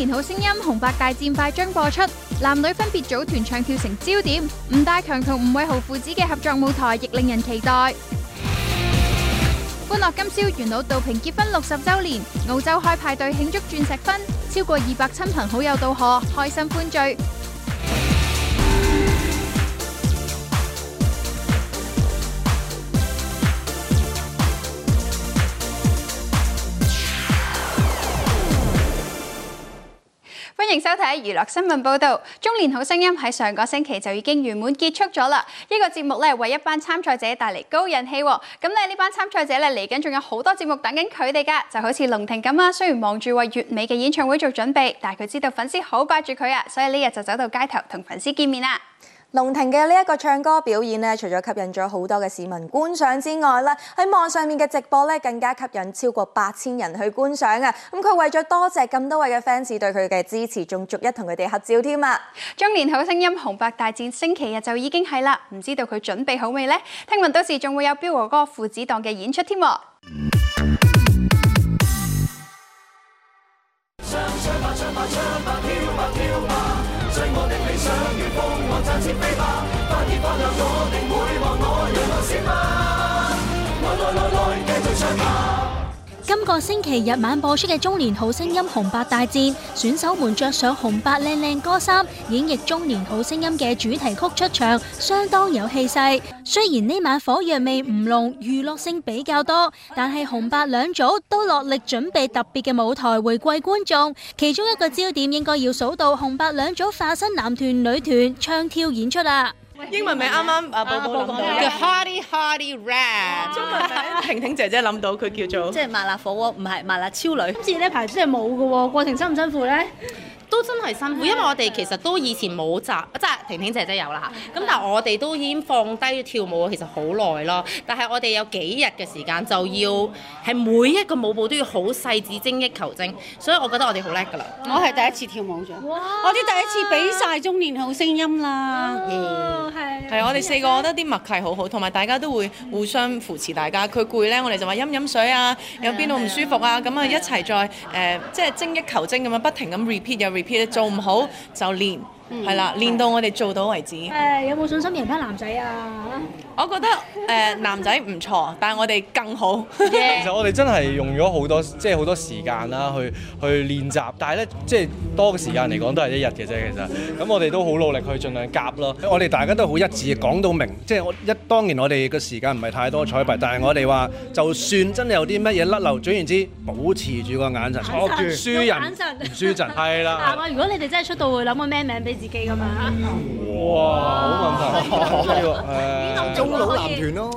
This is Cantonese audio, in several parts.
《年好聲音》紅白大戰快將播出，男女分別組團唱跳成焦點。吳大強同吳偉豪父子嘅合作舞台亦令人期待。歡樂今宵，元老杜平結婚六十周年，澳洲開派對慶祝鑽石婚，超過二百親朋好友到賀，開心歡聚。歡迎收睇娛樂新聞報道。中年好聲音喺上個星期就已經圓滿結束咗啦。呢、這個節目咧為一班參賽者帶嚟高人氣、哦。咁咧呢班參賽者咧嚟緊仲有好多節目等緊佢哋噶，就好似龍庭咁啊。雖然忙住為月尾嘅演唱會做準備，但係佢知道粉絲好掛住佢啊，所以呢日就走到街頭同粉絲見面啦。龍庭嘅呢一個唱歌表演呢，除咗吸引咗好多嘅市民觀賞之外咧，喺網上面嘅直播呢，更加吸引超過八千人去觀賞嘅。咁佢為咗多謝咁多位嘅 fans 對佢嘅支持，仲逐一同佢哋合照添啊！中年好聲音紅白大戰星期日就已經係啦，唔知道佢準備好未呢？聽聞到時仲會有彪哥哥父子檔嘅演出添。跳、跳、跳追我的理想，如風，我展翅飛吧！發熱發亮，我定會忘我，讓我閃吧！來來來來，繼續唱吧。今個星期日晚播出嘅《中年好聲音》紅白大戰，選手們着上紅白靚靚歌衫，演繹《中年好聲音》嘅主題曲出場，相當有氣勢。雖然呢晚火藥味唔濃，娛樂性比較多，但係紅白兩組都落力準備特別嘅舞台回饋觀眾。其中一個焦點應該要數到紅白兩組化身男團女團唱跳演出啦，啊。英文名啱啱啊，寶寶諗到叫 Hardy Hardy Rap。中文名婷婷姐姐諗到，佢叫做、嗯、即係麻辣火鍋，唔係麻辣超女。今次呢排真係冇嘅喎，過程辛唔辛苦咧？都真係辛苦，因為我哋其實都以前冇集，即係婷婷姐姐有啦咁的但係我哋都已經放低跳舞，其實好耐咯。但係我哋有幾日嘅時間就要係、嗯、每一個舞步都要好細緻，精益求精，所以我覺得我哋好叻㗎啦。哇我係第一次跳舞啫，哇我哋第一次比曬中年好聲音啦。哦，係。係我哋四個，我覺得啲默契好好，同埋大家都會互相扶持大家。佢攰呢，我哋就話飲飲水啊，有邊度唔舒服啊，咁啊的的一齊再誒、呃、即係精益求精咁樣不停咁 repeat、啊。P.P. 做唔好就練。係啦、嗯，練到我哋做到為止。誒，有冇信心贏班男仔啊？ 我覺得誒、呃、男仔唔錯，但係我哋更好。 其實我哋真係用咗好多，即係好多時間啦，去去練習。但係咧，即係多嘅時間嚟講都係一日嘅啫。其實咁，我哋都好努力去盡量夾咯。 我哋大家都好一致，講到明，即係我一當然我哋嘅時間唔係太多彩排，但係我哋話就算真係有啲乜嘢甩漏，總言之保持住個眼神，捉住輸人，唔著輸陣人，係啦。嗱 了， 如果你哋真係出道，會諗個咩名俾？自己噶嘛？哇，好問題啊！中老男團咯，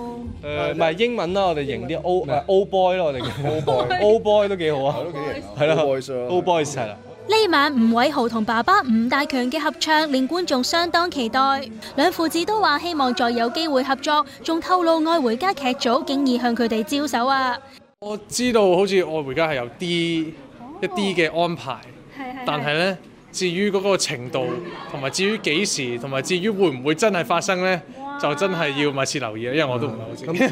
誒唔係英文啦，我哋型啲 O 唔係 O boy 咯，我哋 O boy 都幾好啊，係咯幾型啊，O boys 係啦。呢晚吳偉豪同爸爸吳大強嘅合唱令觀眾相當期待，兩父子都話希望再有機會合作，仲透露《愛回家》劇組竟然向佢哋招手啊！我知道好似《愛回家》係有啲一啲嘅安排，但係咧。至於嗰個程度，同埋至於幾時，同埋至於會唔會真係發生咧，就真係要密切留意啦。因為我都唔係好知。咁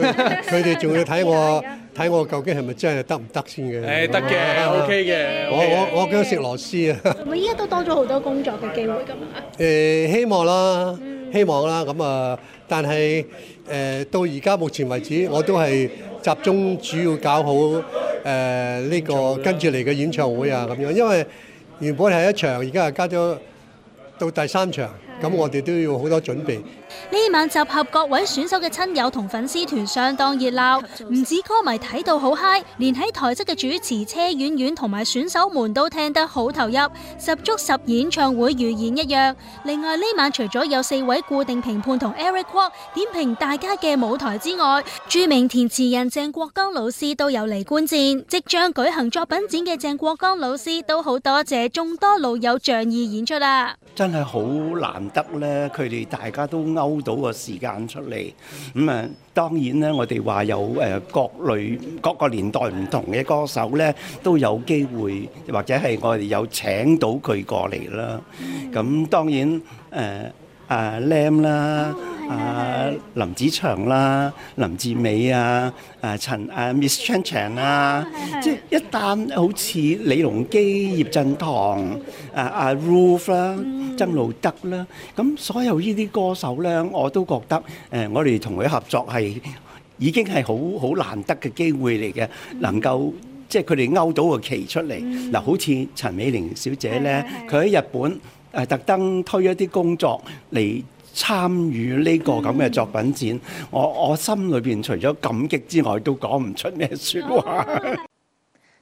佢哋仲要睇我睇 我究竟係咪真係得唔得先嘅？誒得嘅，OK 嘅、okay。我、okay okay、我我驚食螺絲啊！咁依家都多咗好多工作嘅機會咁啊！誒希望啦，希望啦，咁啊，但係誒、呃、到而家目前為止，我都係集中主要搞好誒呢、呃呢個跟住嚟嘅演唱會啊咁樣，因為，原本係一場，而家又加咗到第三場。咁的我哋都要好多準備。呢晚集合各位選手嘅親友同粉絲團，相當熱鬧，唔止歌迷睇到好嗨，連喺台側嘅主持車婉婉同埋選手們都聽得好投入，十足十演唱會預演一樣。另外呢晚除咗有四位固定評判同 Eric Kwok 點評大家嘅舞台之外，著名填詞人鄭國江老師都有嚟觀戰。即將舉行作品展嘅鄭國江老師都好多謝眾多老友仗義演出啦、啊！真係好難得呢，佢哋大家都～收到個時間出嚟，咁、嗯、啊當然咧，我哋話有誒各類各個年代唔同嘅歌手咧，都有機會或者係我哋有請到佢過嚟啦。咁、嗯嗯、當然誒、呃、啊 Lam 啦。嗯啊，林子祥啦，林志美啊，誒陳誒 Miss Chang Chang 啊，即係一旦好似李龍基、葉振棠、啊啊 Ralph 啦、曾路德啦，咁所有依啲歌手咧，我都覺得誒，我哋同佢合作係已經係好好難得嘅機會嚟嘅，能夠即係佢哋勾到個旗出嚟。嗱，好似陳美玲小姐咧，佢喺日本誒特登推咗啲工作嚟。參與呢個咁嘅作品展，嗯、我我心裏邊除咗感激之外，都講唔出咩説話。哦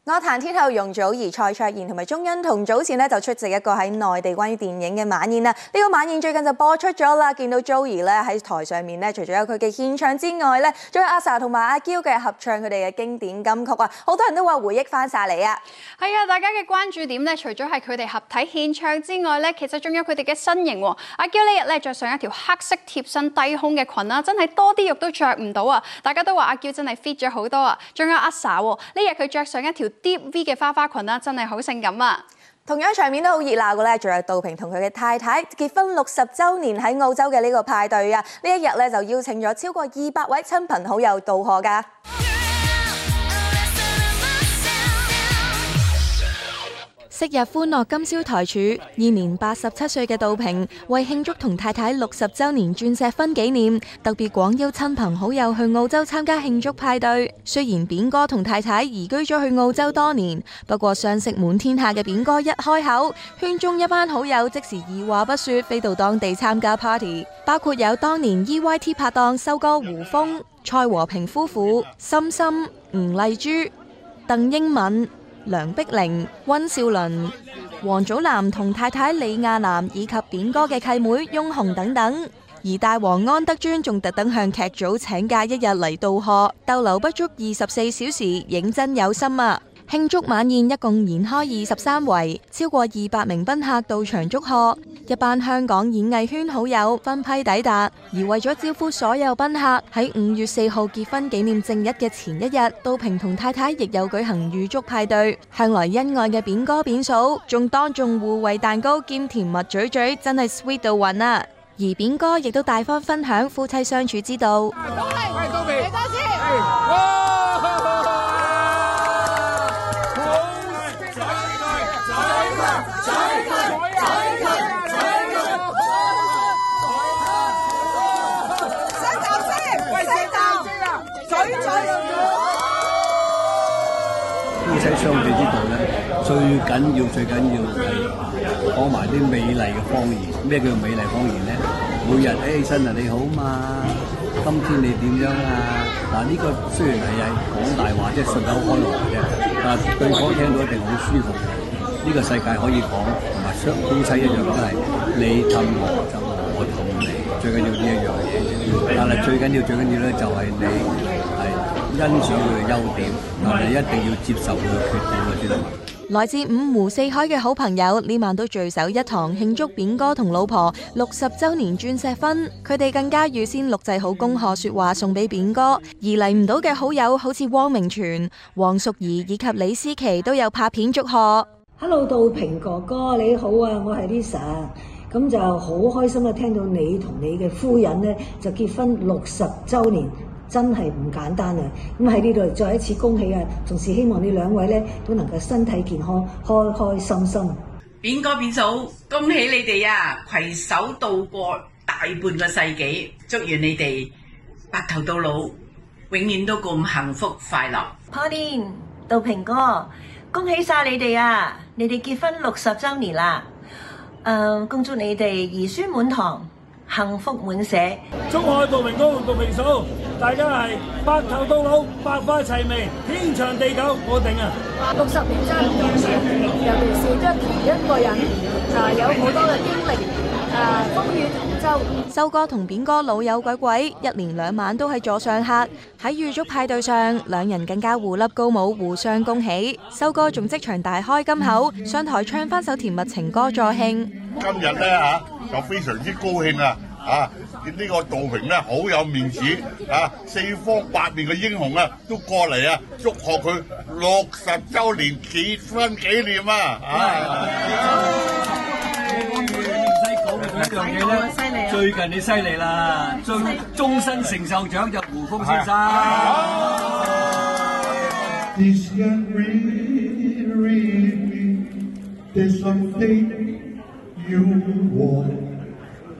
歌壇天后容祖兒、蔡卓妍同埋鍾欣桐早前咧就出席一個喺內地關於電影嘅晚宴啦。呢個晚宴最近就播出咗啦。見到 Joey 咧喺台上面咧，除咗有佢嘅獻唱之外咧，仲有阿 sa 同埋阿嬌嘅合唱，佢哋嘅經典金曲啊，好多人都話回憶翻晒嚟啊。係啊，大家嘅關注點咧，除咗係佢哋合體獻唱之外咧，其實仲有佢哋嘅身形。阿嬌呢日咧着上一條黑色貼身低胸嘅裙啦，真係多啲肉都着唔到啊！大家都話阿嬌真係 fit 咗好多啊，仲有阿 sa 喎，呢日佢着上一條。Deep V 嘅花花裙啦，真係好性感啊！同樣場面都好熱鬧嘅咧，仲有杜平同佢嘅太太結婚六十週年喺澳洲嘅呢個派對啊！呢一日咧就邀請咗超過二百位親朋好友到賀㗎。昔日歡樂今宵台柱，現年八十七歲嘅杜平，為慶祝同太太六十週年鑽石婚紀念，特別廣邀親朋好友去澳洲參加慶祝派對。雖然扁哥同太太移居咗去澳洲多年，不過相識滿天下嘅扁哥一開口，圈中一班好友即時二話不說飛到當地參加 party，包括有當年 EYT 拍檔修哥胡楓、蔡和平夫婦、心心、吳麗珠、鄧英敏、梁碧玲、溫兆倫、王祖藍同太太李亞男，以及扁哥嘅契妹翁虹等等，而大王安德尊仲特登向劇組請假一日嚟道賀，逗留不足二十四小時，認真有心啊！慶祝晚宴一共延開二十三圍，超過二百名賓客到場祝賀。一班香港演藝圈好友分批抵達，而為咗招呼所有賓客，喺五月四號結婚紀念正日嘅前一日，杜平同太太亦有舉行預祝派對。向來恩愛嘅扁哥扁嫂，仲當眾互餵蛋糕兼甜蜜嘴嘴，真係 sweet 到暈啊！而扁哥亦都大方分享夫妻相處之道。夫妻相處之道咧，最緊要最緊要係講埋啲美麗嘅方言。咩叫美麗方言咧？每日起起身啊，你好嘛？今天你點樣啊？嗱，呢個雖然係係講大話，即係順口開河嘅，但對方聽到一定好舒服。呢、這個世界可以講同埋相夫妻一樣都係你氹我，就我氹你。最緊要呢一樣嘢，但係最緊要最緊要咧就係你。因住佢嘅優點，我哋一定要接受佢嘅缺點嘅，知道嗎？來自五湖四海嘅好朋友呢晚都聚首一堂，慶祝扁哥同老婆六十週年鑽石婚，佢哋更加預先錄製好恭賀説話送俾扁哥，而嚟唔到嘅好友好似汪明荃、黃淑儀以及李思琪都有拍片祝賀。Hello，杜平哥哥你好啊，我係 Lisa，咁就好開心啊，聽到你同你嘅夫人呢就結婚六十週年。真係唔簡單啊！咁喺呢度再一次恭喜啊，同時希望呢兩位咧都能夠身體健康、開開心心。扁哥、扁嫂，恭喜你哋啊！攜手度過大半個世紀，祝願你哋白頭到老，永遠都咁幸福快樂。Pauline 杜平哥，恭喜晒你哋啊！你哋結婚六十週年啦！誒、呃，恭祝你哋兒孫滿堂，幸福滿寫。祝海杜平哥、杜平嫂。大家係白頭到老，百花齊眉，天長地久，我頂啊！六十年間，尤其係，即係同一個人就係有好多嘅經歷，誒風雨同舟。修哥同扁哥老友鬼鬼，一連兩晚都係座上客。喺預祝派對上，兩人更加互笠高帽，互相恭喜。修哥仲即場大開金口，上台唱翻首甜蜜情歌助興。今日咧嚇，就非常之高興啊！啊！呢呢個杜平咧，好有面子啊！四方八面嘅英雄咧，都過嚟啊，祝賀佢六十周年結婚紀念啊！最近你犀利啦，最終身成就獎就胡風先生。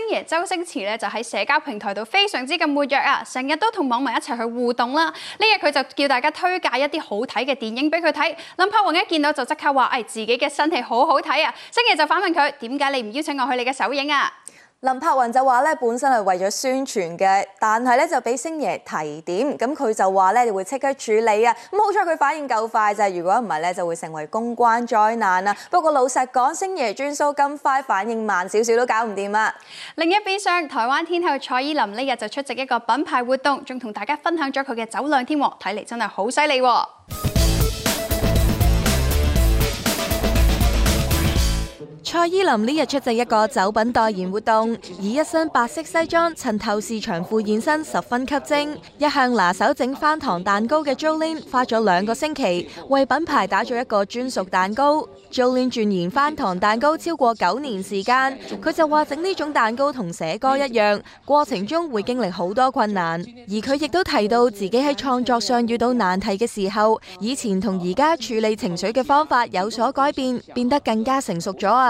星爺周星馳咧就喺社交平台度非常之咁活躍啊，成日都同網民一齊去互動啦。呢日佢就叫大家推介一啲好睇嘅電影俾佢睇，林柏宏一見到就即刻話，誒、哎，自己嘅新戲好好睇啊！星爺就反問佢，點解你唔邀請我去你嘅首映啊？林柏雲就話咧，本身係為咗宣傳嘅，但係咧就俾星爺提點，咁佢就話咧會即刻處理啊，咁好彩佢反應夠快就啫，如果唔係咧就會成為公關災難啊。不過老實講，星爺轉數咁快反應慢少少都搞唔掂啦。另一邊廂，台灣天后蔡依林呢日就出席一個品牌活動，仲同大家分享咗佢嘅酒量添，睇嚟真係好犀利。蔡依林呢日出席一個酒品代言活動，以一身白色西裝襯透視長褲現身，十分吸睛。一向拿手整翻糖蛋糕嘅 Jolin 花咗兩個星期為品牌打咗一個專屬蛋糕。Jolin 鑽研翻糖蛋糕超過九年時間，佢就話整呢種蛋糕同寫歌一樣，過程中會經歷好多困難。而佢亦都提到自己喺創作上遇到難題嘅時候，以前同而家處理情緒嘅方法有所改變，變得更加成熟咗啊！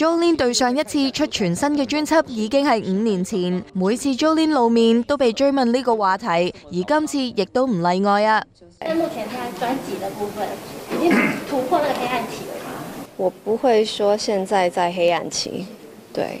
Jolin 對上一次出全新嘅專輯已經係五年前，每次 Jolin 露面都被追問呢個話題，而今次亦都唔例外啊！目前他專輯的部分已經突破那個黑暗期了嗎？我不會說現在在黑暗期，對。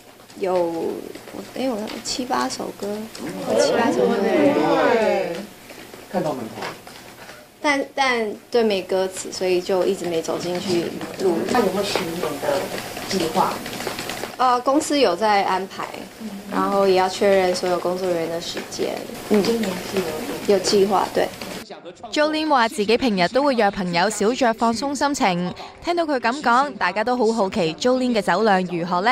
有我，哎、欸，我七八首歌，七八首歌。看到門，但但對，沒歌詞，所以就一直沒走進去錄。那有冇巡演的計劃？啊，公司有在安排，嗯、然後也要確認所有工作人員的時間、嗯嗯。有計劃，對。Jolin 話自己平日都會約朋友小酌放鬆心情，聽到佢咁講，大家都好好奇 Jolin 嘅酒量如何呢？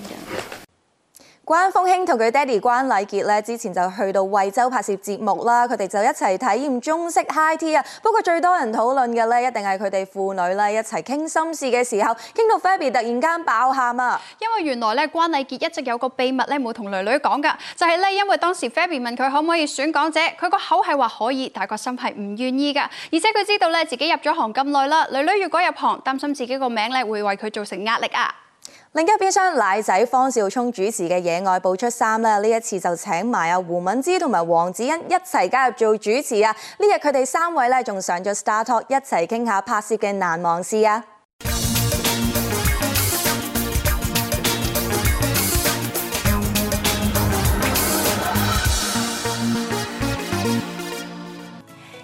關楓興同佢爹哋關禮傑咧，之前就去到惠州拍攝節目啦。佢哋就一齊體驗中式 high tea 啊。不過最多人討論嘅咧，一定係佢哋父女咧一齊傾心事嘅時候，傾到 Fabi 突然間爆喊啊！因為原來咧關禮傑一直有個秘密咧冇同女女講噶，就係咧因為當時 Fabi 問佢可唔可以選港姐，佢個口係話可以，但係個心係唔願意噶。而且佢知道咧自己入咗行咁耐啦，女女如果入行，擔心自己個名咧會為佢造成壓力啊。另一邊廂奶仔方少聰主持嘅野外播出三咧，呢一次就請埋胡敏芝同埋黃子欣一齊加入做主持啊！呢日佢哋三位咧仲上咗 StarTalk 一齊傾下拍攝嘅難忘事啊！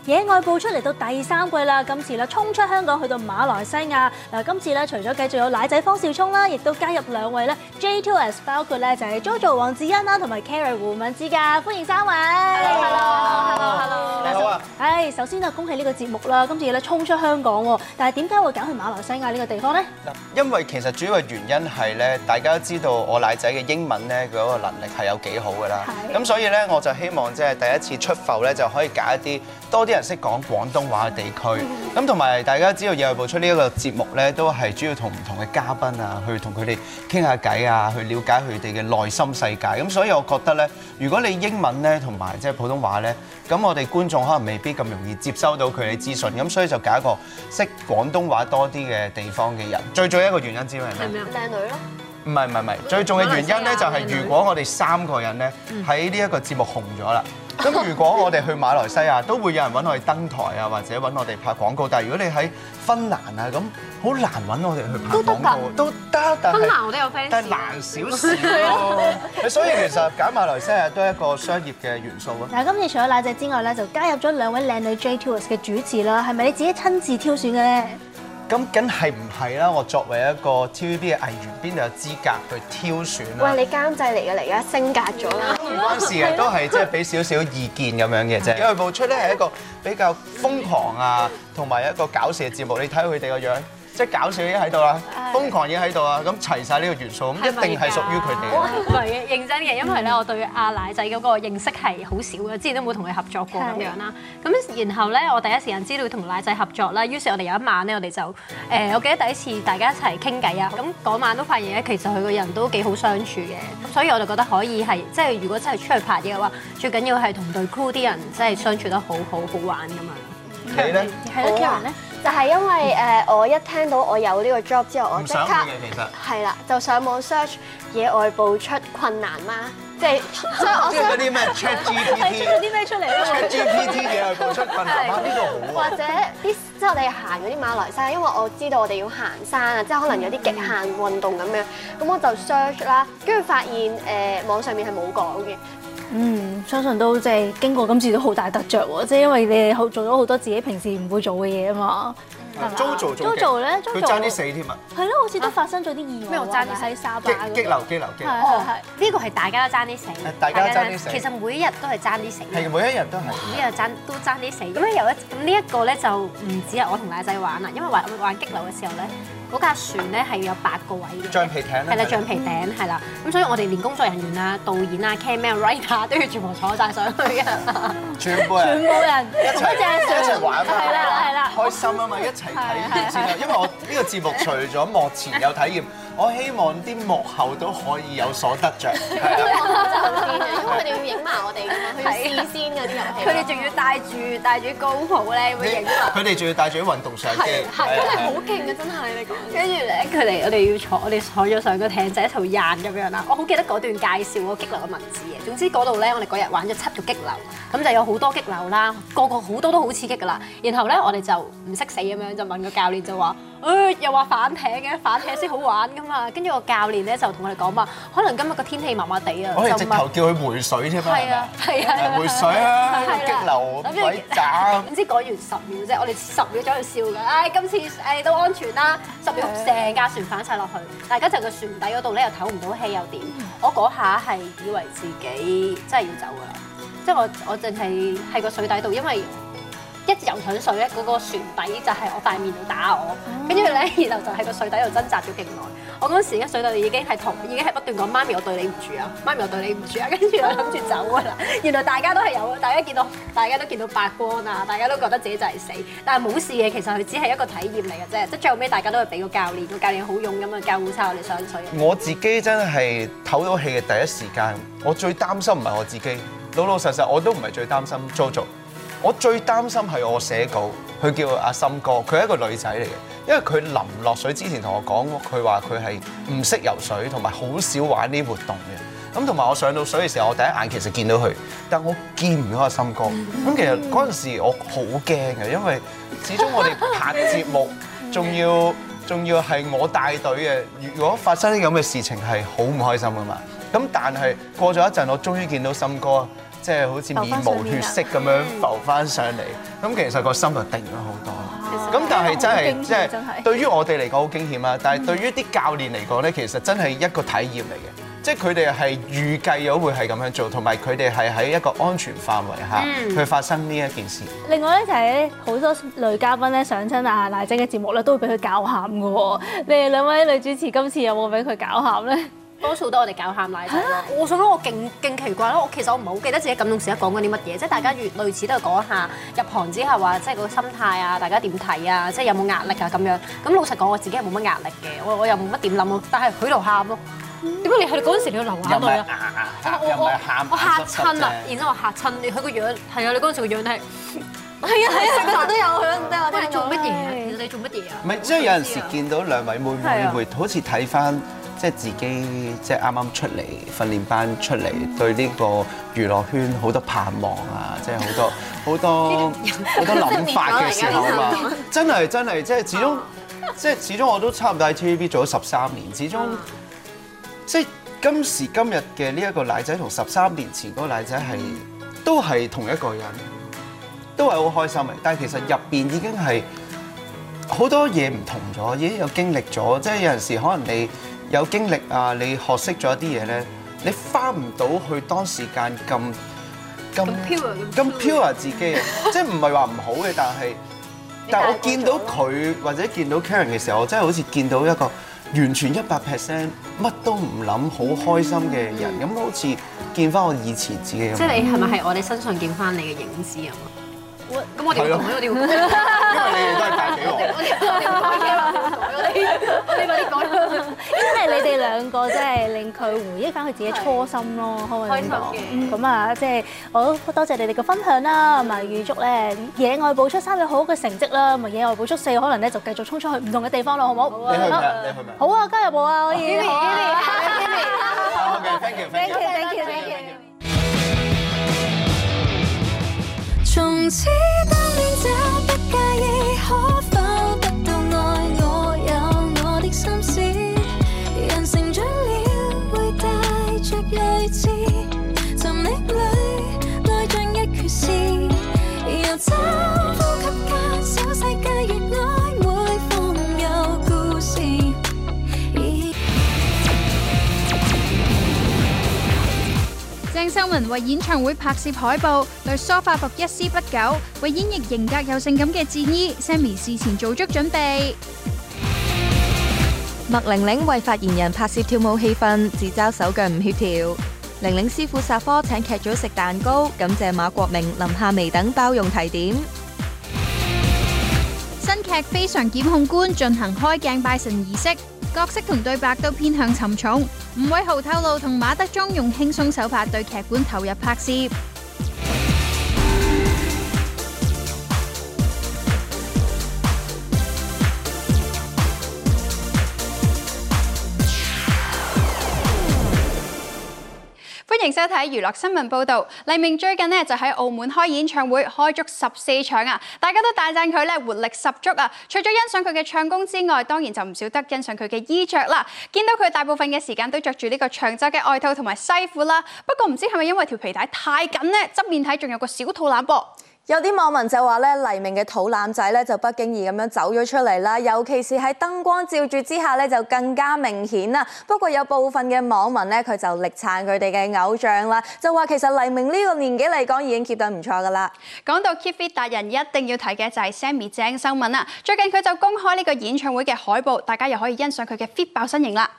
野外播出嚟到第三季啦，今次咧衝出香港去到馬來西亞嗱，今次咧除咗繼續有奶仔方少聰啦，亦都加入兩位咧 J2S 包括咧就係 JoJo 黃子欣啦，同埋 Carrie 胡敏之噶，歡迎三位。Hello，Hello，Hello，hello 你好啊！誒，首先啊，恭喜呢個節目啦，今次咧衝出香港，但係點解會揀去馬來西亞呢個地方咧？嗱，因為其實主要嘅原因係咧，大家都知道我奶仔嘅英文咧，佢嗰個能力係有幾好噶啦。咁的所以咧，我就希望即係第一次出埠咧，就可以揀一啲多啲。識講廣東話嘅地區，咁同埋大家知道，夜播出呢一個節目咧，都係主要同唔同嘅嘉賓啊，去同佢哋傾下偈啊，去了解佢哋嘅內心世界。咁所以，我覺得咧，如果你英文咧同埋即係普通話咧，咁我哋觀眾可能未必咁容易接收到佢哋資訊。咁所以就揀一個識廣東話多啲嘅地方嘅人。最重要一個原因之咪係咩？係咪靚女咯？唔係唔係唔係，最重要嘅原因咧、就係，就係如果我哋三個人咧喺呢一個節目紅咗啦。咁如果我哋去馬來西亞，都會有人揾我哋登台啊，或者揾我哋拍廣告。但係如果你喺芬蘭啊，咁好難揾我哋去拍廣告。都得，但係芬蘭我都有 fans，但係難少少咯。所以其實揀馬來西亞都係一個商業嘅元素咯。嗱，今次除咗奶仔之外咧，就加入咗兩位靚女 J Twoers 嘅主持啦，係咪你自己親自挑選嘅咧？咁梗係唔係啦。我作為一個 TVB 嘅藝員，邊度有資格去挑選啊？喂，你監製嚟嘅嚟啊，升格咗啦！唔關事嘅，都係即係俾少少意見咁樣嘅啫。因為播出咧係一個比較瘋狂啊，同埋一個搞笑嘅節目，你睇佢哋個樣。 即係搞笑嘢喺度啦，瘋狂嘢喺度啊！咁齊晒呢個元素，咁一定係屬於佢哋。唔係認真嘅，因為咧，我對阿奶仔嗰個認識係好少嘅，之前都冇同佢合作過咁樣啦。咁是的 然後咧，我第一時間知道同奶仔合作啦。於是，我哋有一晚咧，我哋就誒，我記得第一次大家一齊傾偈啊。咁嗰晚都發現咧，其實佢個人都幾好相處嘅。咁所以我就覺得可以係，即係如果真係出去拍嘢嘅話，最緊要係同對 cool 啲人，即係相處得好好好玩咁啊。Karl 咧呢。就係因為誒，我一聽到我有呢個 job 之後，我即刻係啦，就上網 search 野外步出困難嗎？即係、就是、所以我啲咩 check 出咗啲咩出嚟？Chat GPT 野外步出困難呢個對 好，或者啲即係我哋行嗰啲馬來山，因為我知道我哋要行山啊，即係可能有啲極限運動咁樣，咁我就 search 啦，跟住發現誒網上面係冇講嘅。嗯，相信都即係經過今次都好大得着喎，即係因為你哋好做咗好多自己平時唔會做嘅嘢啊嘛，都做都做咧，都做爭啲死添啊！係咯，好似都發生咗啲意外啊！爭啲西沙巴激激流激流，激流激流哦係，呢、呢個係大家都爭啲死，大家爭啲死。其實每一日都係爭啲死，係每一日都係。每一日爭都爭啲死。咁樣、嗯、有一咁呢一個咧，個就唔止係我同奶仔玩啦，因為玩玩激流嘅時候咧。嗰架船咧係要有八個位嘅橡皮艇啦，係啦，橡皮艇係啦，咁所以我哋連工作人員啊、導演啊、camera、writer 都要全部坐晒上去嘅，全部人，全部人一齊一齊玩啊，係啦係啦，開心啊嘛，一齊體驗先。因為我呢個節目除咗幕前有體驗，我希望啲幕後都可以有所得着！因為佢哋要影埋我哋㗎嘛，佢哋試先㗎啲遊戲，佢哋仲要帶住帶住高普咧，會影埋，佢哋仲要帶住啲運動相機，係係，真係好勁嘅，真係你跟住咧，佢哋我哋要坐，我哋坐咗上個艇仔、就是、一齊遊咁樣啦。我好記得嗰段介紹、個激流嘅文字嘅。總之嗰度咧，我哋嗰日玩咗七條激流，咁就有好多激流啦，個個好多都好刺激噶啦。然後咧，我哋就唔識死咁樣，就問個教練就話。誒 又話反艇嘅，反艇先好玩噶嘛。跟住個教練咧就同我哋講話，可能今日個天氣麻麻地啊，我哋直頭叫佢回水啫嘛。係啊，係啊，回水啊，吧激流鬼炸咁。點知講完十秒啫，我哋十秒左右笑㗎。唉、哎，今次唉都安全啦。十秒成架船反晒落去，大家就個船底嗰度咧又唞唔到氣又點？我嗰下係以為自己真係要走㗎啦，即、就、係、是、我我淨係喺個水底度，因為。一直游上水咧，嗰個船底就係我塊面度打我，跟住咧，然後就喺個水底度掙扎咗勁耐。我嗰陣時咧，水底已經係同，已經係不斷講媽咪，我對你唔住啊，媽咪我對你唔住啊，跟住我諗住走噶啦。原來大家都係有，大家見到大家都見到白光啊，大家都覺得自己就係死，但係冇事嘅，其實佢只係一個體驗嚟嘅啫。即係最後尾，大家都係俾個教練，個教練好勇咁啊，教護晒我哋上水。我自己真係唞咗氣嘅第一時間，我最擔心唔係我自己，老老實實我都唔係最擔心，JoJo。Jo jo 我最擔心係我寫稿，佢叫阿森哥，佢係一個女仔嚟嘅，因為佢臨落水之前同我講，佢話佢係唔識游水，同埋好少玩啲活動嘅。咁同埋我上到水嘅時候，我第一眼其實見到佢，但我見唔到阿森哥。咁其實嗰陣時我好驚嘅，因為始終我哋拍節目，仲要仲要係我帶隊嘅。如果發生啲咁嘅事情係好唔開心噶嘛。咁但係過咗一陣，我終於見到森哥。即係好似面無血色咁樣浮翻上嚟，咁、嗯、其實個心就定咗好多。咁、啊、但係真係，即係是的對於我哋嚟講好驚險啦。嗯、但係對於啲教練嚟講咧，其實真係一個體驗嚟嘅。即係佢哋係預計咗會係咁樣做，同埋佢哋係喺一個安全範圍下、嗯、去發生呢一件事。另外咧，就係好多女嘉賓咧，上親阿娜姐嘅節目咧，都會俾佢教喊嘅喎。你哋兩位女主持今次有冇俾佢教喊咧？多數都我哋搞喊拉嘅，我想講我勁勁奇怪咯，我其實我唔好記得自己咁多時刻講緊啲乜嘢，即係大家越類似都係講下入行之後話，即係個心態啊，大家點睇啊，即係有冇壓力啊咁樣。咁老實講，我自己係冇乜壓力嘅，我我又冇乜點諗咯，但係佢度喊咯。點解你喺嗰陣時你會流眼淚啊？我我我嚇親啦，然之後嚇親，佢個樣係啊，你嗰陣時個樣係係啊，成集都有佢啦，真係。你做乜嘢？你做乜嘢啊？唔係即係有陣時見到兩位妹妹好似睇翻。即係自己，即係啱啱出嚟訓練班出嚟，對呢個娛樂圈好多盼望啊！即係好多好多好 多諗法嘅時候啊嘛 真係真係，即係始終， 即係始終我都差唔多喺 TVB 做咗十三年，始終 即係今時今日嘅呢一個奶仔同十三年前嗰個奶仔係都係同一個人，都係好開心嘅。但係其實入邊已經係好多嘢唔同咗，已經有經歷咗，即係有陣時可能你。有經歷啊！你學識咗一啲嘢咧，你翻唔到去當時間咁咁咁 pure 自己啊！ 即係唔係話唔好嘅，但係，但我見到佢或者見到 Karen 嘅時候，我真係好似見到一個完全一百 percent 乜都唔諗，好開心嘅人，咁好似見翻我以前自己。咁、嗯，即係你係咪喺我哋身上見翻你嘅影子啊？咁 我哋講咗啲咩？因為你有啲太肥哦。 你快啲講啦，因為你哋兩個真係令佢回憶翻佢自己初心咯，可唔可以咁講？咁啊，即係我都多謝你哋嘅分享啦，同埋預祝咧野外捕捉三有好嘅成績啦，咁野外捕捉四可能咧就繼續衝出去唔同嘅地方咯，好唔好？你去㗎，你去唔去？好啊，今日冇啊，可以。Jimmy，Jimmy，Jimmy，好，OK，thank you，thank you，thank you，thank you。周文為演唱會拍攝海報，對梳化服一絲不苟；為演繹型格有性感嘅戰衣，Sammy 事前做足準備。麥玲玲為發言人拍攝跳舞氣氛，自嘲手腳唔協調。玲玲師傅薩科請劇組食蛋糕，感謝馬國明、林夏薇等包容提點。新劇《非常檢控官》進行開鏡拜神儀式。角色同對白都偏向沉重，吳偉豪透露同馬德鐘用輕鬆手法對劇本投入拍攝。歡迎收睇娛樂新聞報道。黎明最近咧就喺澳門開演唱會，開足十四場啊！大家都大讚佢咧活力十足啊！除咗欣賞佢嘅唱功之外，當然就唔少得欣賞佢嘅衣着啦。見到佢大部分嘅時間都着住呢個長袖嘅外套同埋西褲啦。不過唔知係咪因為條皮帶太緊呢，側面睇仲有個小肚腩噃。有啲網民就話咧，黎明嘅肚腩仔咧就不經意咁樣走咗出嚟啦，尤其是喺燈光照住之下咧，就更加明顯啦。不過有部分嘅網民咧，佢就力撐佢哋嘅偶像啦，就話其實黎明呢個年紀嚟講已經 keep 得唔錯噶啦。講到 keep fit 達人，一定要睇嘅就係 Sammy 鄭秀文啦。最近佢就公開呢個演唱會嘅海報，大家又可以欣賞佢嘅 fit 爆身形啦。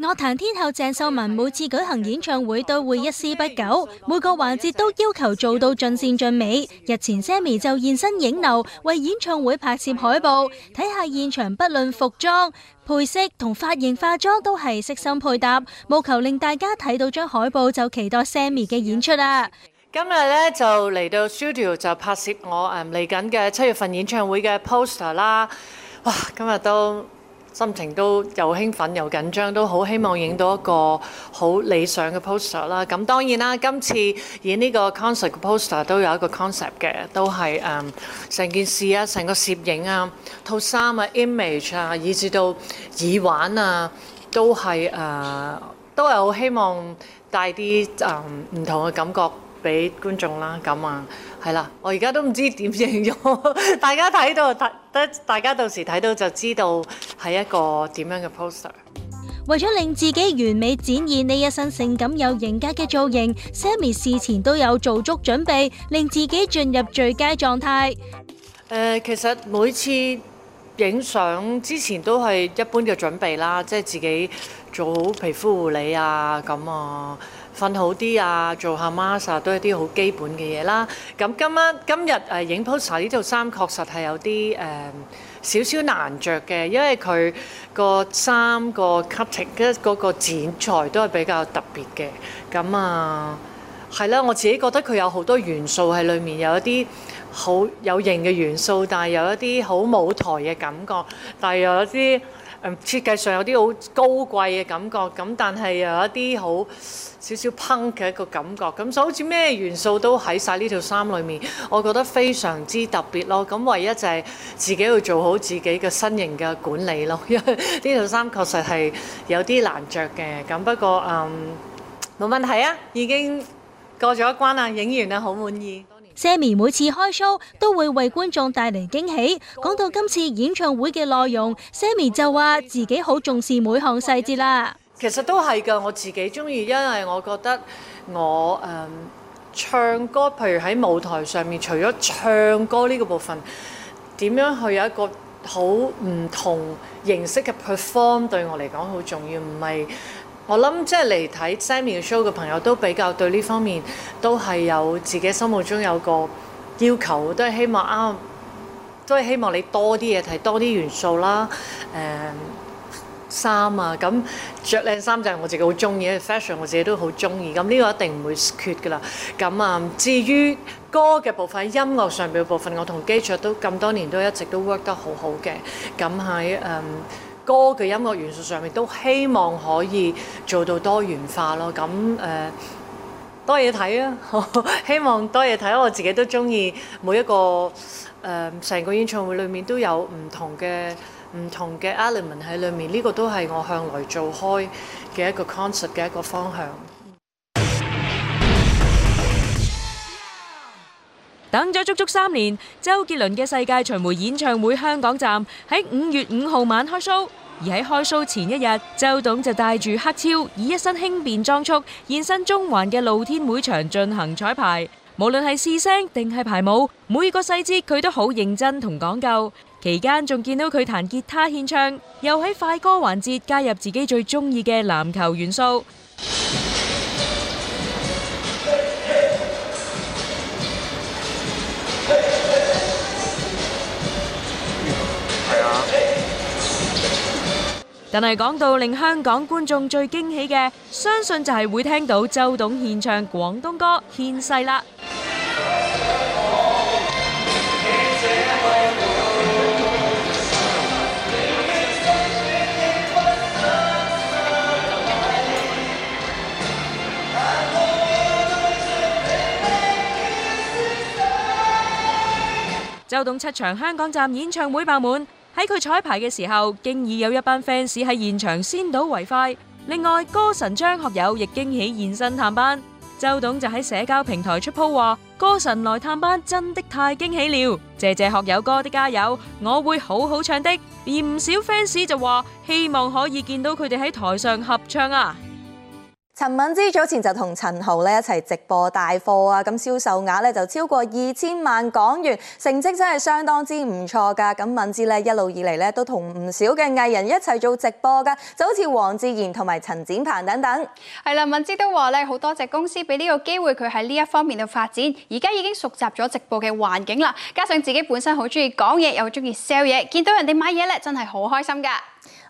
樂壇天后鄭秀文每次舉行演唱會都會一絲不苟，每個環節都要求做到盡善盡美。日前 Sammy 就現身影樓為演唱會拍攝海報，睇下現場，不論服裝配飾同髮型化妝都係悉心配搭，務求令大家睇到張海報就期待 Sammy 嘅演出啦、啊。今日咧就嚟到 studio 就拍攝我嚟緊嘅七月份演唱會嘅 poster 啦。哇，今日都～心情都又興奮又緊張，都好希望影到一個好理想嘅 poster 啦。咁當然啦，今次影呢個 concept 嘅 poster 都有一個 concept 嘅，都係誒成件事啊，成個攝影啊、套衫啊、image 啊，以至到耳環啊，都係誒、呃、都係好希望帶啲嗯、唔同嘅感覺。俾觀眾啦，咁啊，係啦，我而家都唔知點形容，大家睇到睇得大家到時睇到就知道係一個點樣嘅 poster。為咗令自己完美展現呢一身性感又型格嘅造型，Sammy 事前都有做足準備，令自己進入最佳狀態。誒、呃，其實每次影相之前都係一般嘅準備啦，即係自己做好皮膚護理啊，咁啊。瞓好啲啊，做下 massage 都係啲好基本嘅嘢啦。咁、嗯、今晚今日、呃、誒影 poster 呢套衫確實係有啲誒少少難着嘅，因為佢個三個 cutting 即嗰個剪裁都係比較特別嘅。咁、嗯、啊，係啦，我自己覺得佢有好多元素喺裡面，有一啲好有型嘅元素，但係有一啲好舞台嘅感覺，但係有一啲。誒設計上有啲好高貴嘅感覺，咁但係又有一啲好少少 punk 嘅一個感覺，咁就好似咩元素都喺晒呢套衫裏面，我覺得非常之特別咯。咁唯一就係自己要做好自己嘅身形嘅管理咯，因為呢套衫確實係有啲難著嘅。咁不過，嗯，冇問題啊，已經過咗一關啦，影完啦，好滿意。Sammy 每次開 show 都會為觀眾帶嚟驚喜。講到今次演唱會嘅內容 Sammy 就話自己好重視每項細節啦。其實都係噶，我自己中意，因為我覺得我誒、呃、唱歌，譬如喺舞台上面，除咗唱歌呢個部分，點樣去有一個好唔同形式嘅 perform，對我嚟講好重要，唔係。我諗即係嚟睇 Sammy 嘅 show 嘅朋友都比較對呢方面都係有自己心目中有個要求，都係希望啱、啊，都係希望你多啲嘢睇，多啲元素啦，誒、嗯、衫啊，咁着靚衫就係我自己好中意啊，fashion 我自己都好中意，咁呢個一定唔會缺噶啦。咁啊，至於歌嘅部分，音樂上邊嘅部分，我同基卓都咁多年都一直都 work 得好好嘅，咁喺誒。嗯歌嘅音樂元素上面都希望可以做到多元化咯，咁誒、呃、多嘢睇啊！ 希望多嘢睇，我自己都中意每一個誒成、呃、個演唱會裏面都有唔同嘅唔同嘅 element 喺裏面，呢、這個都係我向來做開嘅一個 concert 嘅一個方向。等咗足足三年，周杰倫嘅世界巡迴演唱會香港站喺五月五號晚開 show，而喺開 show 前一日，周董就帶住黑超，以一身輕便裝束現身中環嘅露天會場進行彩排。無論係試聲定係排舞，每個細節佢都好認真同講究。期間仲見到佢彈吉他獻唱，又喺快歌環節加入自己最中意嘅籃球元素。但係講到令香港觀眾最驚喜嘅，相信就係會聽到周董獻唱廣東歌獻世啦！周董七場香港站演唱會爆滿。喺佢彩排嘅時候，經已有一班 fans 喺現場先睹為快。另外，歌神張學友亦驚喜現身探班。周董就喺社交平台出鋪話：歌神來探班真的太驚喜了，謝謝學友哥的加油，我會好好唱的。而唔少 fans 就話：希望可以見到佢哋喺台上合唱啊！陳敏之早前就同陳豪咧一齊直播帶貨啊，咁銷售額咧就超過二千萬港元，成績真係相當之唔錯噶。咁敏之咧一路以嚟咧都同唔少嘅藝人一齊做直播噶，就好似黃智賢同埋陳展鵬等等。係啦，敏之都話咧好多謝公司俾呢個機會佢喺呢一方面度發展，而家已經熟習咗直播嘅環境啦。加上自己本身好中意講嘢，又中意 sell 嘢，見到人哋買嘢咧，真係好開心噶。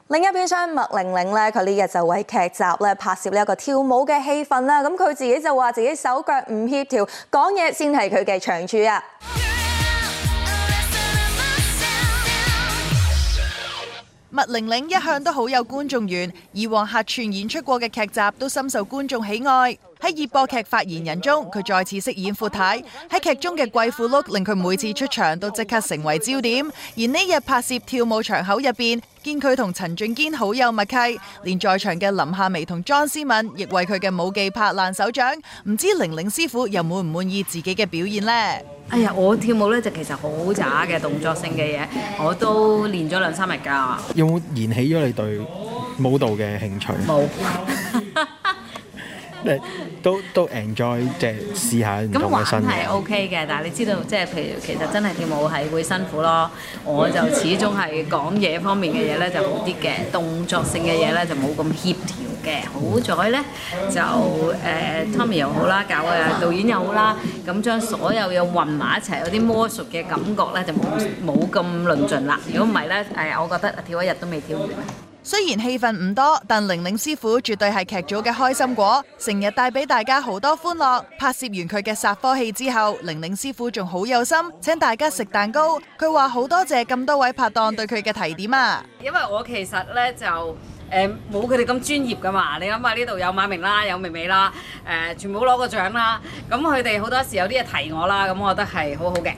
另一邊廂麥玲玲咧，佢呢日就喺劇集咧拍攝呢一個跳舞嘅戲份啦。咁佢自己就話自己手腳唔協調，講嘢先係佢嘅長處啊。麥玲玲一向都好有觀眾緣，以往客串演出過嘅劇集都深受觀眾喜愛。喺熱播劇發言人中，佢再次飾演闊太，喺劇中嘅貴婦 look 令佢每次出場都即刻成為焦點。而呢日拍攝跳舞場口入邊，見佢同陳俊堅好有默契，連在場嘅林夏薇同莊思敏亦為佢嘅舞技拍爛手掌。唔知玲玲師傅又滿唔滿意自己嘅表現呢？哎呀！我跳舞咧就其實好渣嘅，動作性嘅嘢，我都練咗兩三日噶，有冇燃起咗你對舞蹈嘅興趣？冇。沒 都都 enjoy 即係試下唔同嘅新。咁玩係 OK 嘅，但係你知道即係譬如其實真係跳舞係會辛苦咯。我就始終係講嘢方面嘅嘢咧就好啲嘅，動作性嘅嘢咧就冇咁協調嘅。好彩咧就誒 Tommy 又好啦，搞啊導演又好啦，咁將所有嘢混埋一齊，有啲魔術嘅感覺咧就冇冇咁論盡啦。如果唔係咧誒，我覺得跳一日都未跳完。雖然戲份唔多，但玲玲師傅絕對係劇組嘅開心果，成日帶俾大家好多歡樂。拍攝完佢嘅殺科戲之後，玲玲師傅仲好有心，請大家食蛋糕。佢話好多謝咁多位拍檔對佢嘅提點啊！因為我其實咧就誒冇佢哋咁專業噶嘛，你諗下呢度有馬明啦，有明美啦，誒、呃、全部攞過獎啦。咁佢哋好多時有啲嘢，提我啦，咁我覺得係好好嘅。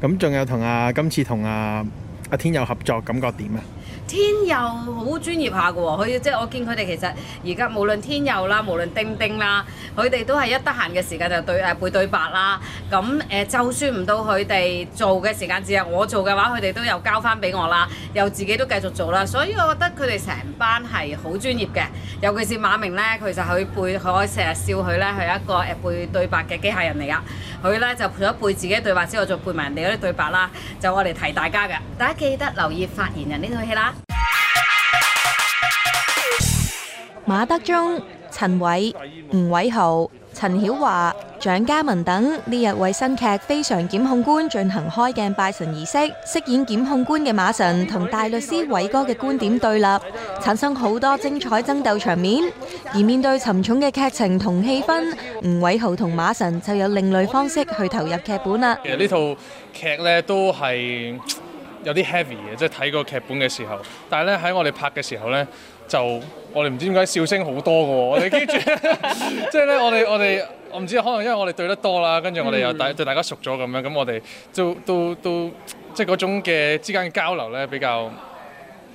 咁 仲有同阿、啊、今次同阿阿天佑合作，感覺點啊？天佑好專業下嘅喎，佢即係我見佢哋其實而家無論天佑啦，無論丁丁啦，佢哋都係一得閒嘅時間就對誒、呃、背對白啦。咁誒、呃、就算唔到佢哋做嘅時間，只係我做嘅話，佢哋都又交翻俾我啦，又自己都繼續做啦。所以我覺得佢哋成班係好專業嘅。尤其是馬明咧，佢就佢背，我成日笑佢咧，係一個誒背對白嘅機械人嚟噶。佢咧就除咗背自己對白之外，就背埋人哋嗰啲對白啦，就我哋提大家嘅。大家記得留意發言人呢套戲啦。馬德鐘、陳偉、吳偉豪、陳曉華、蔣家文等呢日為新劇《非常檢控官》進行開鏡拜神儀式。飾演檢控官嘅馬神同大律師偉哥嘅觀點對立，產生好多精彩爭鬥場面。而面對沉重嘅劇情同氣氛，吳偉豪同馬神就有另類方式去投入劇本啦。其實呢套劇呢都係有啲 heavy 嘅，即係睇個劇本嘅時候。但係咧喺我哋拍嘅時候呢。就我哋唔知點解笑聲好多噶喎，我哋記住，即係咧，我哋我哋我唔知，可能因為我哋對得多啦，跟住我哋又大對大家熟咗咁樣，咁、嗯、我哋都都都即係嗰種嘅之間嘅交流咧比較。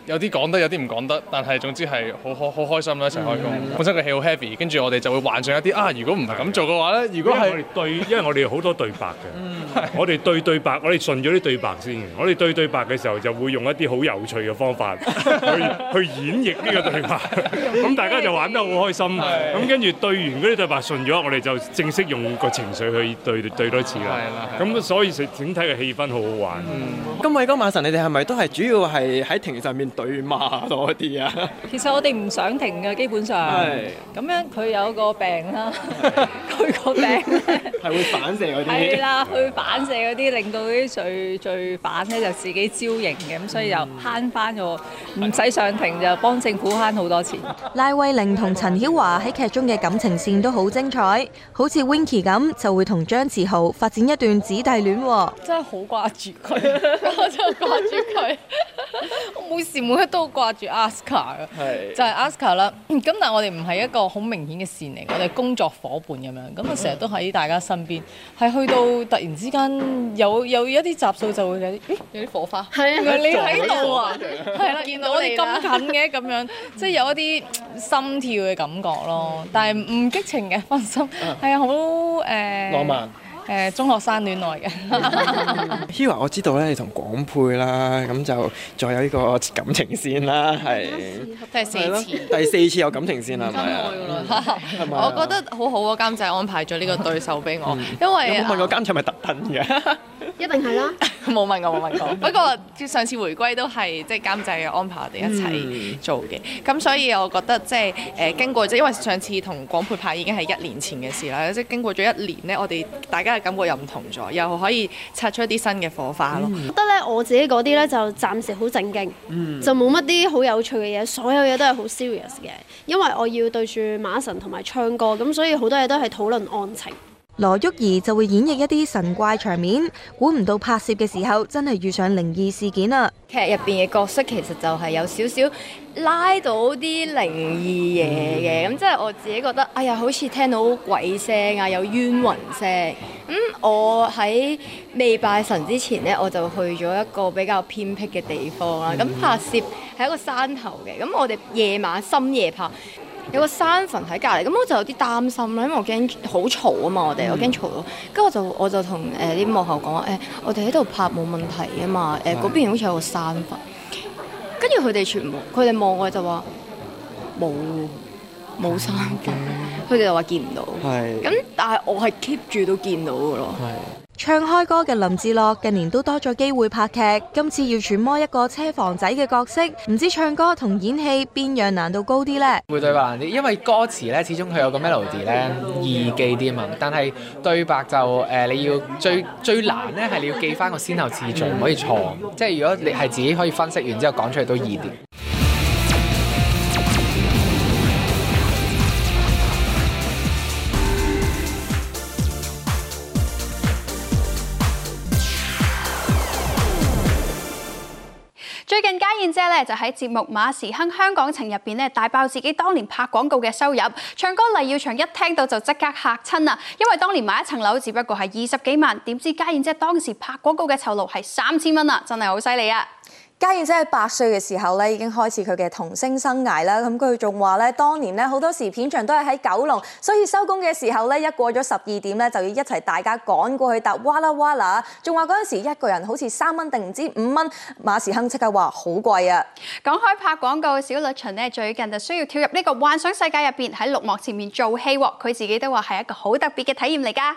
有啲講得，有啲唔講得，但係總之係好好好開心咯！一齊開工，本身個戲好 heavy，跟住我哋就會幻想一啲啊！如果唔係咁做嘅話咧，如果係，因為我哋好多對白嘅， 的我哋對對白，我哋順咗啲對白先，我哋順咗啲對白先。我哋對對白嘅時候就會用一啲好有趣嘅方法去 去，去演繹呢個對白，咁 大家就玩得好開心。咁 的跟住對完嗰啲對白順咗，我哋就正式用個情緒去對對多次啦。咁所以整體嘅氣氛好好玩。 嗯、今魏哥、馬神，你哋係咪都係主要係喺庭上面？對罵多啲啊！其實我哋唔想停嘅，基本上係咁樣佢有個病啦，佢個病咧係會反射嗰啲，係啦，去反射嗰啲，令到啲稅稅板咧就自己招型嘅，咁所以又慳翻嘅喎，唔使上庭就幫政府慳好多錢。賴慧玲同陳曉華喺劇中嘅感情線都好精彩，好似 Winky 咁就會同張志豪發展一段子弟戀喎。真係好掛住佢，我就掛住佢，我冇事。每一個都掛住 Oscar 嘅是，就係 Oscar 啦。咁但係我哋唔係一個好明顯嘅線嚟，我哋工作伙伴咁樣。咁啊，成日都喺大家身邊，係去到突然之間有有一啲雜數就會有啲、欸、有啲火花。係啊，原來你喺度啊，係啦，原來 我哋咁近嘅咁樣， 即係有一啲心跳嘅感覺咯。但係唔激情嘅，放心，係啊，好誒、啊欸、浪漫。誒、呃、中學生戀愛嘅 ，Hira 我知道咧，你同廣佩啦，咁就再有呢個感情線啦，係第四次，吧第四次有感情線啦，係、 啊，係咪啊？我覺得好好啊，監製安排咗呢個對手俾我， 嗯、因為有冇問過監製咪特登嘅？一定係啦，冇問過冇問過，不過 上次回歸都係即係監製安排我哋一齊做嘅，咁、嗯、所以我覺得即係誒經過即係因為上次同廣佩拍已經係一年前嘅事啦，即係經過咗一年呢，我哋大家。感覺又唔同咗，又可以擦出一啲新嘅火花咯。覺得咧我自己嗰啲咧就暫時好正經， 就冇乜啲好有趣嘅嘢，所有嘢都係好 serious 嘅，因為我要對住馬神同埋唱歌，咁所以好多嘢都係討論案情。羅毓儀就會演繹一啲神怪場面，估唔到拍攝嘅時候真係遇上靈異事件啦！劇入邊嘅角色其實就係有少少拉到啲靈異嘢嘅，咁即係我自己覺得，哎呀，好似聽到鬼聲啊，有冤魂聲。咁、嗯、我喺未拜神之前呢，我就去咗一個比較偏僻嘅地方啦。咁、mm hmm. 拍攝係一個山頭嘅，咁我哋夜晚深夜拍，有個山墳喺隔離，咁我就有啲擔心啦，因為我驚好嘈啊嘛，嗯、我哋我驚嘈到，跟住我就我就同誒啲幕後講話，誒、欸、我哋喺度拍冇問題啊嘛，誒、呃、嗰的邊好似有個山墳，跟住佢哋全部佢哋望我就，嗯、就話冇冇山墳，佢哋就話見唔到，咁的但係我係 keep 住都見到嘅咯。唱開歌嘅林志樂近年都多咗機會拍劇，今次要揣摩一個車房仔嘅角色，唔知唱歌同演戲邊樣難度高啲呢？會對白難啲，因為歌詞呢始終佢有個 melody 呢，易記啲嘛，但係對白就誒、呃、你要最最難呢，係你要記翻個先後次序，唔、嗯、可以錯，即係如果你係自己可以分析完之後講出嚟都易啲。最近家燕姐咧就喺節目《馬時亨香港情》入邊咧大爆自己當年拍廣告嘅收入，唱歌黎耀祥一聽到就即刻吓親啦，因為當年買一層樓只不過係二十幾萬，點知家燕姐當時拍廣告嘅酬勞係三千蚊啦，真係好犀利啊！嘉燕姐喺八歲嘅時候咧，已經開始佢嘅童星生涯啦。咁佢仲話咧，當年咧好多時片場都係喺九龍，所以收工嘅時候咧，一過咗十二點咧，就要一齊大家趕過去搭哇啦哇啦。仲話嗰陣時一個人好似三蚊定唔知五蚊，馬時亨即刻話好貴啊。講開拍廣告，小女巡咧最近就需要跳入呢個幻想世界入邊，喺綠幕前面做戲，佢自己都話係一個好特別嘅體驗嚟㗎。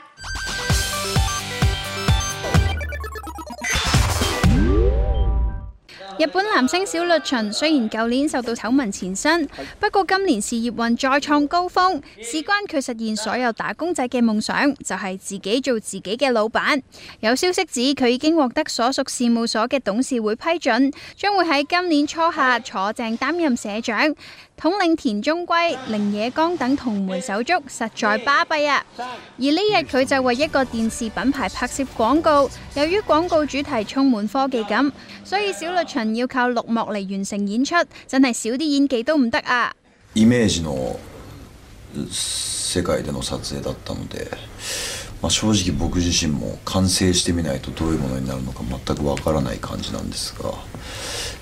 日本男星小栗旬雖然舊年受到醜聞纏身，不過今年事業運再創高峰，事關佢實現所有打工仔嘅夢想，就係、是、自己做自己嘅老闆。有消息指佢已經獲得所屬事務所嘅董事會批准，將會喺今年初夏坐正擔任社長。統領田中圭、寧野剛等同門手足實在巴閉啊！而呢日佢就為一個電視品牌拍攝廣告，由於廣告主題充滿科技感，所以小栗旬要靠綠幕嚟完成演出，真係少啲演技都唔得啊！イメージの世界での撮影だったので、正直僕自身も完成してみないとどういうものになるのか全くわからない感じなんですが。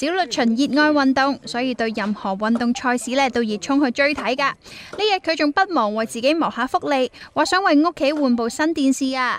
小律群熱愛運動，所以對任何運動賽事咧都熱衷去追睇㗎。呢日佢仲不忘為自己謀下福利，話想為屋企換部新電視啊。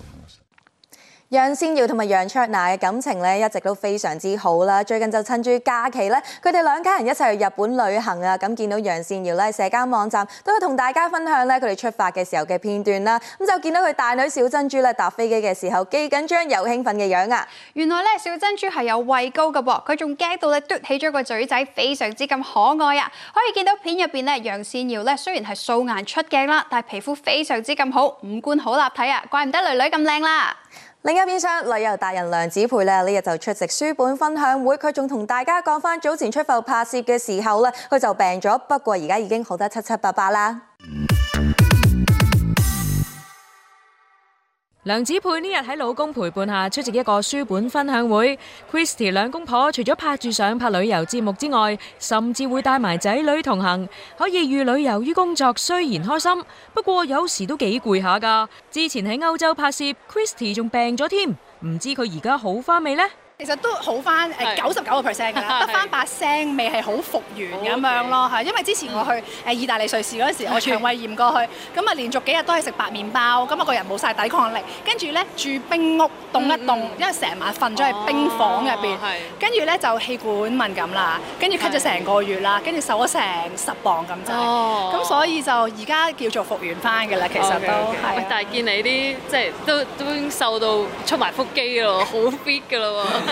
楊茜堯同埋楊卓娜嘅感情咧一直都非常之好啦。最近就趁住假期咧，佢哋兩家人一齊去日本旅行啊。咁見到楊茜堯咧，社交網站都同大家分享咧佢哋出發嘅時候嘅片段啦。咁就見到佢大女小珍珠咧搭飛機嘅時候，既緊張又興奮嘅樣啊。原來咧小珍珠係有畏高嘅噃，佢仲驚到咧嘟起咗個嘴仔，非常之咁可愛啊。可以見到片入邊咧，楊茜堯咧雖然係素顏出鏡啦，但係皮膚非常之咁好，五官好立體啊，怪唔得女女咁靚啦。另一邊廂旅遊達人梁子培咧呢日就出席書本分享會，佢仲同大家講翻早前出埠拍攝嘅時候咧，佢就病咗，不過而家已經好得七七八八啦。梁子佩呢日喺老公陪伴下出席一個書本分享會。Christy 兩公婆除咗拍住相拍旅遊節目之外，甚至會帶埋仔女同行，可以寓旅遊於工作。雖然開心，不過有時都幾攰下㗎。之前喺歐洲拍攝，Christy 仲病咗添，唔知佢而家好返未呢？其實都好翻誒，九十九個 percent 嘅，得翻把聲未係好復原咁樣咯，係因為之前我去誒意大利瑞士嗰時，我腸胃炎過去，咁啊連續幾日都係食白麵包，咁啊個人冇晒抵抗力，跟住咧住冰屋凍一凍，因為成晚瞓咗喺冰房入邊，跟住咧就氣管敏感啦，跟住咳咗成個月啦，跟住瘦咗成十磅咁滯，咁所以就而家叫做復原翻嘅啦，其實都，但係見你啲即係都都已經瘦到出埋腹肌咯，好 fit 嘅咯喎。誒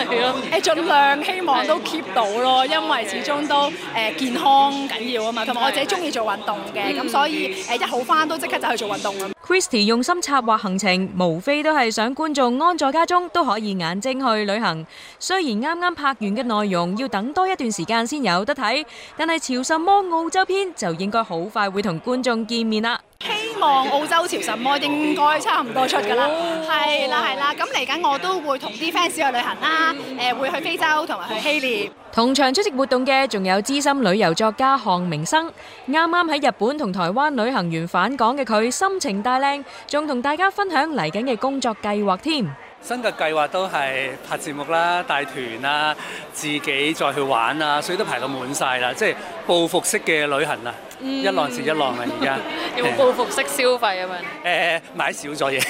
盡量希望都 keep 到咯，因為始終都誒健康緊要啊嘛，同埋我自己鍾意做運動嘅，咁所以誒一好返都即刻就去做運動。Christy 用心策劃行程，無非都係想觀眾安在家中都可以眼睛去旅行。雖然啱啱拍完嘅內容要等多一段時間先有得睇，但係潮什麼澳洲篇就應該好快會同觀眾見面啦。希望澳洲潮什麼應該差唔多出㗎喇。係，係，係。嚟緊我都會同啲 fans 去旅行，會去非洲同埋去希臘。嗯、一浪是一浪啊！而家要報復式消費啊嘛？誒、呃，買少咗嘢，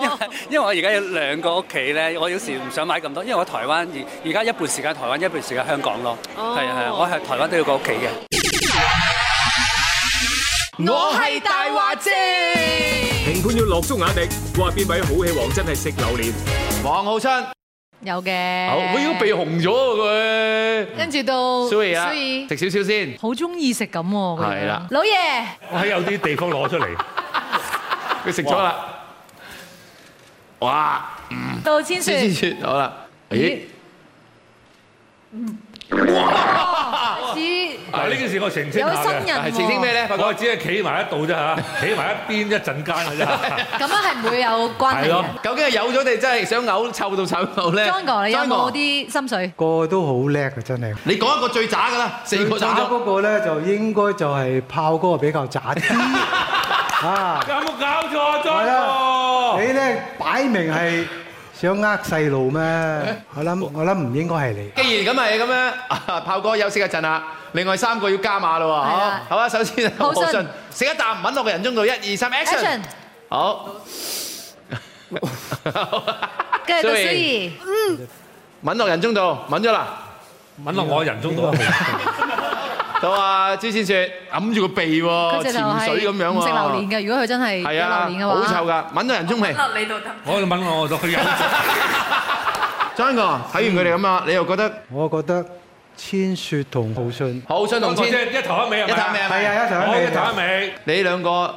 因為因為我而家有兩個屋企咧，我有時唔想買咁多，因為我台灣而而家一半時間台灣，一半時間香港咯，係啊係啊，哦、我係台灣都有個屋企嘅。我係大華姐！評判要落足眼力，話邊位好戲王真係識榴槤，王浩春。有嘅，好，我已經鼻紅咗佢。跟住到，所以啊，食少少先。好中意食咁喎，係啦，老爺。我喺有啲地方攞出嚟，佢食咗啦。哇，到千千千千好啦。咦？哇！嗱呢件事我澄清有新人下嘅，係澄清咩咧？我只係企埋一度啫嚇，企埋 一邊一陣間嘅啫。咁樣係唔會有關係。係咯，究竟係有咗你真係想嘔臭到臭？John 哥，le, 你有冇啲心水？個國個都好叻嘅真係。你講一個最渣嘅啦，四個當中嗰個咧就應該就係炮哥比較渣啲 啊！有冇搞錯咗？J ong le 你咧擺明係。想呃細路咩？我諗我諗唔應該係你。既然咁係咁樣，炮哥休息一陣啦。另外三個要加碼啦喎，好，好啊，首先，浩信，食一啖，吻落個人中度，一二三，action，好，好，跟住，嗯，吻落人中度，吻咗啦，吻落我人中度。到啊！朱千雪揞住個鼻喎，佢就潛水咁樣喎。唔食榴蓮嘅，如果佢真係唔食榴蓮嘅話，好臭㗎，聞到人中味。我嚟到，我嚟聞我，我都佢人。張哥睇完佢哋咁啦，你又覺得？我覺得千雪同浩信，浩信同千雪，一頭一尾，一頭一尾，係啊，一頭一尾。我一頭一尾。你兩個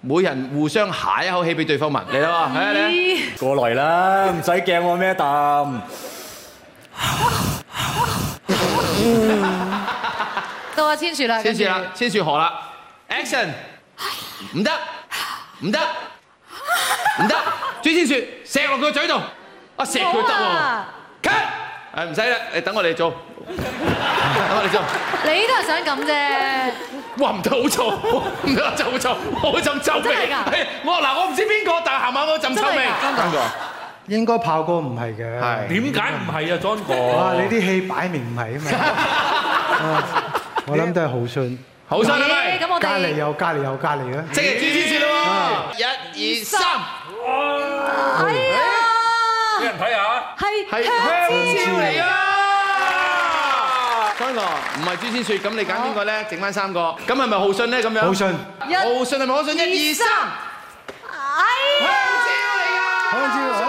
每人互相哈一口氣俾對方聞，嚟啦，過嚟啦，唔使驚我咩膽。到阿千雪啦，千雪啦，千雪河啦，Action！唔得，唔得，唔得！朱千雪，錫落佢個嘴度，我錫佢得喎。Cut！誒唔使啦，你等我嚟做，等我嚟做。你都係想咁啫。哇唔得好臭，唔得就臭，我陣臭味。真係㗎？我嗱，我唔知邊個，但係行埋我陣臭味。真㗎？莊哥應該炮哥唔係嘅。係。點解唔係啊，莊哥？哇！你啲戲擺明唔係啊嘛。我諗都係豪信，豪信係咪，隔離又隔離又隔離啊！即係朱千雪咯喎，一二三，哇！係，俾人睇下，係係香蕉嚟啊！輝哥唔係朱千雪，咁你揀邊個咧？整翻三個，咁係咪豪信咧？咁樣，豪信，豪信係咪豪信？一二三，哎呀！香蕉嚟㗎。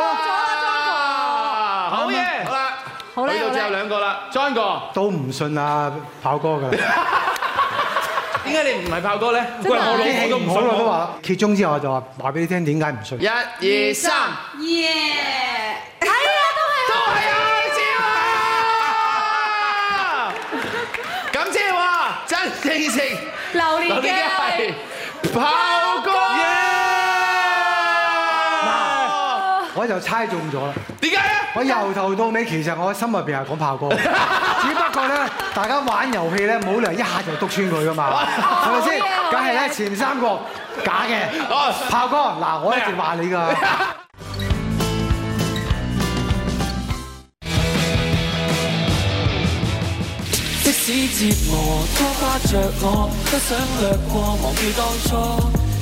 佢就只有兩個啦，John 哥都唔信啊，炮哥嘅，點解你唔係炮哥咧？因為我老婆都唔信我話，揭盅之後就話話俾你聽點解唔信。一二三，耶！係啊，都係啊，都係啊！咁即係話真性情，榴蓮雞，炮。就猜中咗啦！點解？我由頭到尾，其實我心入邊係講炮哥，只不過咧，大家玩遊戲咧，冇理由一下就篤穿佢㗎嘛，係咪先？梗係咧，前三個假嘅 炮哥，嗱，我一直話你㗎麼。即使折磨都花着我，不想掠過，忘記當初。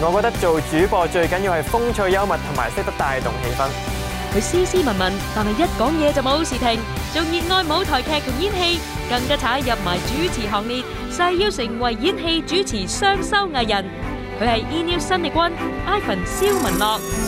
我覺得做主播最緊要係風趣幽默同埋識得帶動氣氛。佢斯斯文文，但係一講嘢就冇時停。仲熱愛舞台劇同演戲，更加踩入埋主持行列，誓要成為演戲主持雙收藝人。佢係 E News 新力軍，Ivan 蕭文樂。